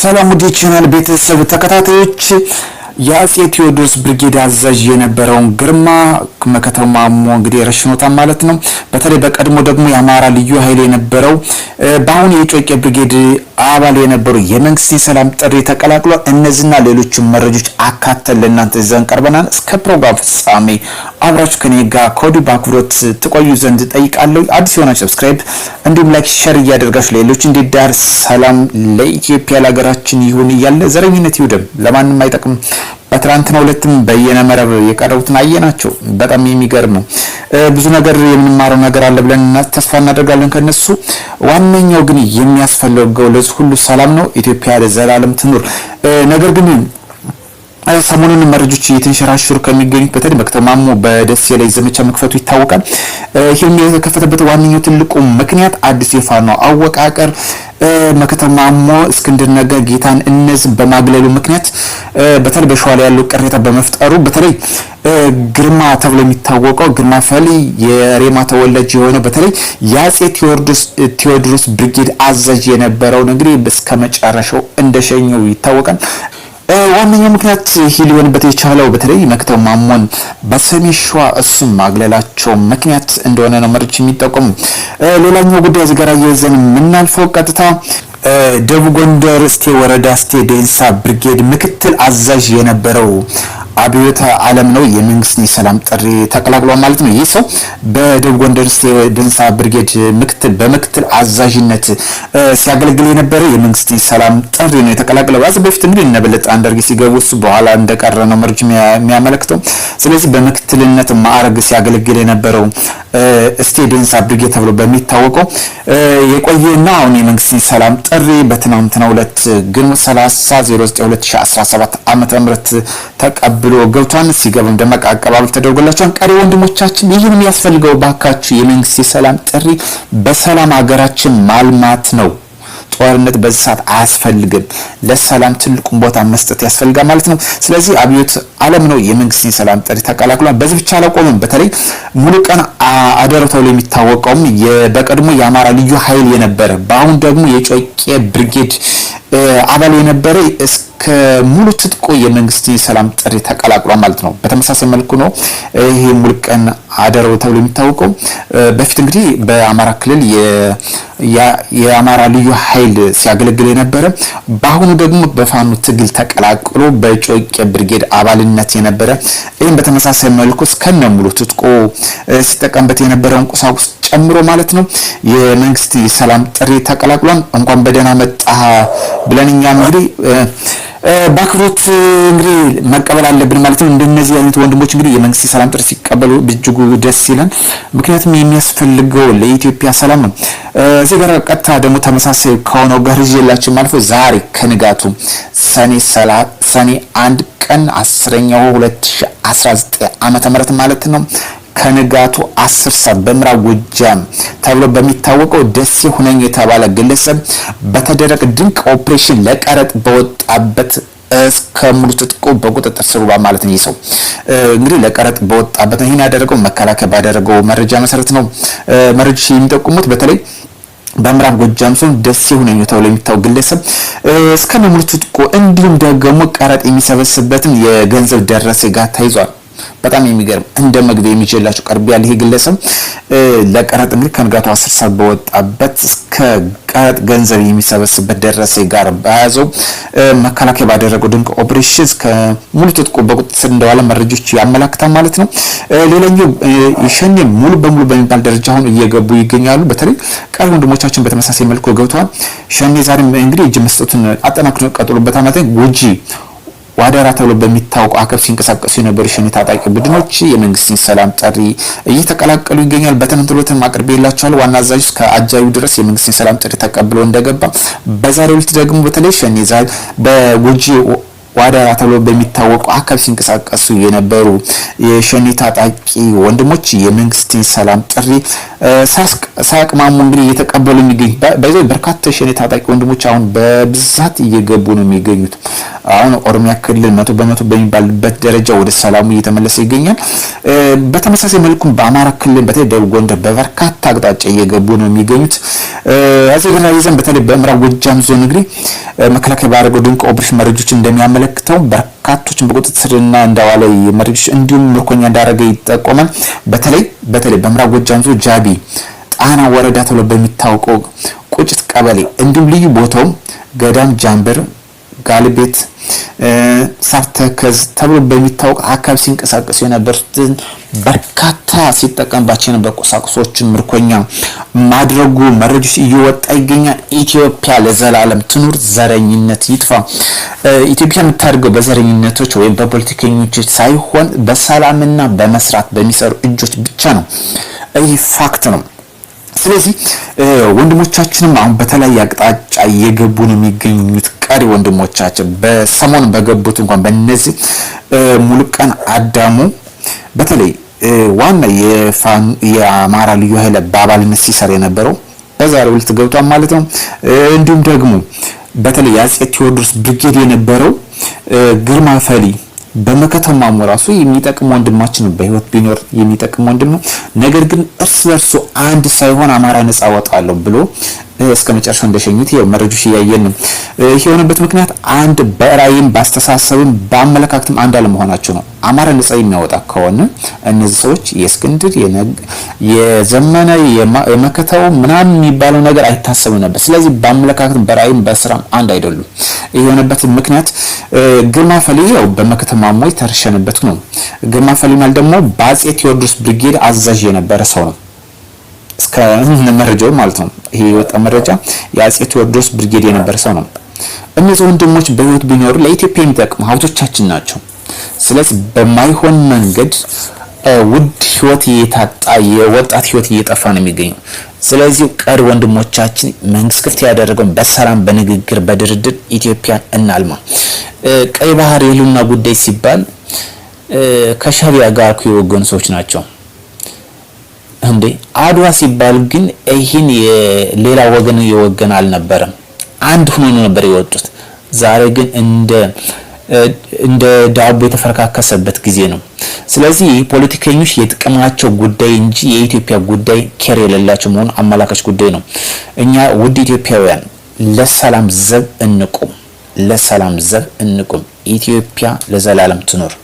ሰላም ውድ የቻናል ቤተሰብ ተከታታዮች የአጼ ቴዎድሮስ ብርጌድ አዛዥ የነበረውን ግርማ መከተው ማሞ እንግዲህ ረሽኖታል ማለት ነው። በተለይ በቀድሞ ደግሞ የአማራ ልዩ ኃይል የነበረው በአሁኑ የጮቄ ብርጌድ አባል የነበሩ የመንግስት የሰላም ጥሪ ተቀላቅሏል። እነዚህና ሌሎችን መረጆች አካተን ለእናንተ ይዘን ቀርበናል። እስከ ፕሮግራም ፍጻሜ አብራችሁ ከኔ ጋር ከወዲሁ በአክብሮት ትቆዩ ዘንድ ጠይቃለሁ። አዲስ የሆናችሁ ሰብስክራይብ፣ እንዲሁም ላይክ፣ ሸር እያደርጋችሁ ሌሎች እንዲዳር ሰላም ለኢትዮጵያ ለሀገራችን ይሁን እያለ ዘረኝነት ይውደም፣ ለማንም አይጠቅም። በትናንትና ሁለትም በየነ መረብ የቀረቡትን አየናቸው። በጣም የሚገርም ነው። ብዙ ነገር የምንማረው ነገር አለ ብለን ተስፋ እናደርጋለን ከነሱ። ዋነኛው ግን የሚያስፈልገው ለዚህ ሁሉ ሰላም ነው። ኢትዮጵያ ለዘላለም ትኑር። ነገር ግን ሰሞኑን መረጆች እየተንሸራሸሩ ከሚገኙት በተለይ በከተማሙ በደሴ ላይ ዘመቻ መክፈቱ ይታወቃል። ይህም የተከፈተበት ዋነኛው ትልቁ ምክንያት አዲስ የፋኖ አወቃቀር መከተማ ማሞ እስክንድር ነጋ ጌታን እነዚህ በማግለሉ ምክንያት በተለይ በሸዋ ላይ ያለው ቅሬታ በመፍጠሩ በተለይ ግርማ ተብሎ የሚታወቀው ግርማ ፈሊ የሬማ ተወላጅ የሆነ በተለይ የአጼ ቴዎድሮስ ብርጌድ አዛዥ የነበረውን እንግዲህ እስከ መጨረሻው እንደሸኘው ይታወቃል። ዋነኛው ምክንያት ይህ ሊሆንበት የቻለው በተለይ መክተው ማሞን በሰሜን ሸዋ እሱም ማግለላቸው ምክንያት እንደሆነ ነው መሪዎች የሚጠቁም። ሌላኛው ጉዳይ ዝገራ የዘን የምናልፈው ቀጥታ ደቡብ ጎንደር እስቴ ወረዳ እስቴ ደንሳ ብርጌድ ምክትል አዛዥ የነበረው አብዮት አለም ነው የመንግስትን የሰላም ጥሪ ተቀላቅሏል ማለት ነው። ይህ ሰው በደቡብ ጎንደር እስቴ ደንሳ ብርጌድ ምክትል በምክትል አዛዥነት ሲያገለግል የነበረ የመንግስትን የሰላም ጥሪ ነው የተቀላቅለው ከዚህ በፊት እንግዲህ እነበለጠ በለጠ ሲገቡ እሱ በኋላ እንደቀረ ነው መርጅ የሚያመለክተው። ስለዚህ በምክትልነት ማዕረግ ሲያገለግል የነበረው እስቴ ደንሳ ብርጌድ ተብሎ በሚታወቀው የቆየና አሁን የመንግስትን የሰላም ጥሪ በትናንትናው ዕለት ግንቦት 30 09/2017 ዓ.ም ተቀብሎ ገብቷን ሲገባም ደመቅ አቀባበል ተደርጎላቸዋል። ቀሪ ወንድሞቻችን ይህን የሚያስፈልገው ባካችሁ የመንግስት የሰላም ጥሪ በሰላም ሀገራችን ማልማት ነው። ጦርነት በዚህ ሰዓት አያስፈልግም። ለሰላም ትልቁን ቦታ መስጠት ያስፈልጋል ማለት ነው። ስለዚህ አብዮት አለም ነው የመንግስትን የሰላም ጥሪ ተቀላቅሏል። በዚህ ብቻ አላቆምም። በተለይ ቀን አደረ ተብሎ የሚታወቀውም በቀድሞ የአማራ ልዩ ኃይል የነበረ በአሁን ደግሞ የጮቄ ብርጌድ አባል የነበረ እስከ ሙሉ ትጥቆ የመንግስት የሰላም ጥሪ ተቀላቅሏል ማለት ነው። በተመሳሳይ መልኩ ነው ይሄ ሙልቀን አደረው ተብሎ የሚታወቀው በፊት እንግዲህ በአማራ ክልል የአማራ ልዩ ኃይል ሲያገለግል የነበረ በአሁኑ ደግሞ በፋኑ ትግል ተቀላቅሎ በጮቄ ብርጌድ አባልነት የነበረ ይህም በተመሳሳይ መልኩ እስከነ ሙሉ ትጥቆ ሲጠቀምበት የነበረውን ቁሳቁስ ጨምሮ ማለት ነው የመንግስት የሰላም ጥሪ ተቀላቅሏል። እንኳን በደህና መጣ ብለን እኛም እንግዲህ በአክብሮት እንግዲህ መቀበል አለብን ማለት ነው። እንደነዚህ አይነት ወንድሞች እንግዲህ የመንግስት የሰላም ጥሪ ሲቀበሉ በእጅጉ ደስ ይላል። ምክንያቱም የሚያስፈልገው ለኢትዮጵያ ሰላም ነው። እዚህ ጋር ቀጥታ ደግሞ ተመሳሳይ ከሆነው ጋር ይዤላችሁ ማልፎ ዛሬ ከንጋቱ ሰኔ ሰኔ አንድ ቀን አስረኛው 2019 ዓመተ ምህረት ማለት ነው ከንጋቱ አስር ሰዓት በምዕራብ ጎጃም ተብሎ በሚታወቀው ደሴ ሁነኝ የተባለ ግለሰብ በተደረገ ድንቅ ኦፕሬሽን ለቀረጥ በወጣበት እስከ ሙሉ ትጥቁ በቁጥጥር ስር ውሏል ማለት ነው። ይሰው እንግዲህ ለቀረጥ በወጣበት ይህን ያደረገው መከላከያ ባደረገው መረጃ መሰረት ነው። መረጃ የሚጠቁሙት በተለይ በምዕራብ ጎጃም ዞን ደስ ሁነኝ ተብሎ የሚታወቅ ግለሰብ እስከ ሙሉ ትጥቁ እንዲሁም ደግሞ ቀረጥ የሚሰበስብበትን የገንዘብ ደረሰ ጋር ተይዟል። በጣም የሚገርም እንደ መግቢያ የሚችላቸው ቀርብ ያለ ይሄ ግለሰብ ለቀረጥ እንግዲህ ከንጋቱ አስር ሰዓት በወጣበት እስከ ቀረጥ ገንዘብ የሚሰበስበት ደረሰ ጋር በያዘው መከላከያ ባደረገው ድንቅ ኦፕሬሽን ሙሉ ትጥቁ በቁጥጥር ስር እንደዋለ መረጃዎች ያመላክታል ማለት ነው። ሌላኛው ሸኔ ሙሉ በሙሉ በሚባል ደረጃ አሁን እየገቡ ይገኛሉ። በተለይ ቀሪ ወንድሞቻችን በተመሳሳይ መልኩ ገብተዋል። ሸኔ ዛሬም እንግዲህ እጅ መስጠቱን አጠናክሮ ቀጥሎበታል ማለት ጉጂ ዋዳራ ተብሎ በሚታወቁ አካባቢ ሲንቀሳቀሱ የነበሩ የሸኔ ታጣቂ ቡድኖች የመንግስትን ሰላም ጥሪ እየተቀላቀሉ ይገኛል። በትናንት ዕለትም አቅርቤላቸዋለሁ። ዋና አዛዥ እስከ አጃቢው ድረስ የመንግስትን ሰላም ጥሪ ተቀብሎ እንደገባ፣ በዛሬው ዕለት ደግሞ በተለይ ሸኔ በጉጂ ዋዳራ ተብሎ በሚታወቁ አካባቢ ሲንቀሳቀሱ የነበሩ የሸኔ ታጣቂ ወንድሞች የመንግስትን ሰላም ጥሪ ሳያቅማሙ እንግዲህ እየተቀበሉ የሚገኙ በርካታ የሸኔ ታጣቂ ወንድሞች አሁን በብዛት እየገቡ ነው የሚገኙት። አሁን ኦሮሚያ ክልል መቶ በመቶ በሚባልበት ደረጃ ወደ ሰላሙ እየተመለሰ ይገኛል። በተመሳሳይ መልኩም በአማራ ክልል በተለይ ደቡብ ጎንደር በበርካታ አቅጣጫ እየገቡ ነው የሚገኙት። አዘገራ ይዘን በተለይ በምዕራብ ጎጃም ዞን እንግዲህ መከላከያ ባደረገው ድንቅ ኦፕሬሽን መረጆች እንደሚያመለክተው በርካቶችን በቁጥጥር ስርና እንዳዋለ መረጆች እንዲሁም ምርኮኛ እንዳደረገ ይጠቆማል። በተለይ በተለይ በምዕራብ ጎጃም ዞን ጃቢ ጣና ወረዳ ተብሎ በሚታወቀው ቁጭት ቀበሌ እንዲሁም ልዩ ቦታውም ገዳም ጃምበር ጋልቤት፣ ሳርተከዝ ተብሎ በሚታወቅ አካባቢ ሲንቀሳቀሱ የነበሩትን በርካታ ሲጠቀምባቸው የነበር ቁሳቁሶችን ምርኮኛ ማድረጉ መረጃ እየወጣ ይገኛል። ኢትዮጵያ ለዘላለም ትኑር፣ ዘረኝነት ይጥፋ። ኢትዮጵያ የምታደርገው በዘረኝነቶች ወይም በፖለቲከኞች ሳይሆን በሰላምና በመስራት በሚሰሩ እጆች ብቻ ነው። ይህ ፋክት ነው። ስለዚህ ወንድሞቻችንም አሁን በተለያየ አቅጣጫ እየገቡ ነው የሚገኙት። ቀሪ ወንድሞቻችን በሰሞኑ በገቡት እንኳን በነዚህ ሙሉቀን አዳሙ በተለይ ዋና የአማራ ልዩ ኃይል በአባልነት ሲሰር የነበረው በዛሬው ዕለት ገብቷል ማለት ነው። እንዲሁም ደግሞ በተለይ የአፄ ቴዎድሮስ ብርጌድ የነበረው ግርማ ፈሊ በመከተማሙ ራሱ የሚጠቅም ወንድማችን በህይወት ቢኖር የሚጠቅም ወንድም ነው። ነገር ግን እርስ በርሱ አንድ ሳይሆን አማራ ነጻ ወጣለሁ ብሎ እስከ መጨረሻው እንደሸኙት ይኸው መረጃዎች እያየን ነው። ይህ የሆነበት ምክንያት አንድ በራይም ባስተሳሰብም በአመለካከትም አንድ አለመሆናቸው ነው። አማራ ነጻ የሚያወጣ ከሆነ እነዚህ ሰዎች የእስክንድር የዘመነ የመከተው ምናምን የሚባለው ነገር አይታሰብም ነበር። ስለዚህ በአመለካከት በራይም በስራም አንድ አይደሉም። ይህ የሆነበት ምክንያት ግርማ ፈሊ ያው በመከተማ ሞይ ተረሸነበት ነው። ግርማ ፈሊ ማለት ደግሞ በአጼ ቴዎድሮስ ብርጌድ አዛዥ የነበረ ሰው ነው። እስከ መረጃው ማለት ነው። ይሄ የወጣ መረጃ የአጼ ቴዎድሮስ ብርጌድ የነበረ ሰው ነው። እነዚህ ወንድሞች በህይወት ቢኖሩ ለኢትዮጵያ የሚጠቅሙ ሀብቶቻችን ናቸው። ስለዚህ በማይሆን መንገድ ውድ ህይወት እየታጣ የወጣት ህይወት እየጠፋ ነው የሚገኘው። ስለዚህ ቀሪ ወንድሞቻችን መንግስት ክፍት ያደረገውን በሰላም በንግግር በድርድር ኢትዮጵያን እናልማ። ቀይ ባህር የህልውና ጉዳይ ሲባል ከሻቢያ ጋር እኮ የወገኑ ሰዎች ናቸው። እንዴ አድዋ ሲባል ግን ይህን ሌላ ወገን የወገን አልነበረም። አንድ ሁኖ ነበር የወጡት። ዛሬ ግን እንደ እንደ ዳቦ የተፈረካከሰበት ጊዜ ነው። ስለዚህ ፖለቲከኞች የጥቅማቸው ጉዳይ እንጂ የኢትዮጵያ ጉዳይ ኬር የሌላቸው መሆኑ አመላካች ጉዳይ ነው። እኛ ውድ ኢትዮጵያውያን ለሰላም ዘብ እንቁም፣ ለሰላም ዘብ እንቁም። ኢትዮጵያ ለዘላለም ትኖር።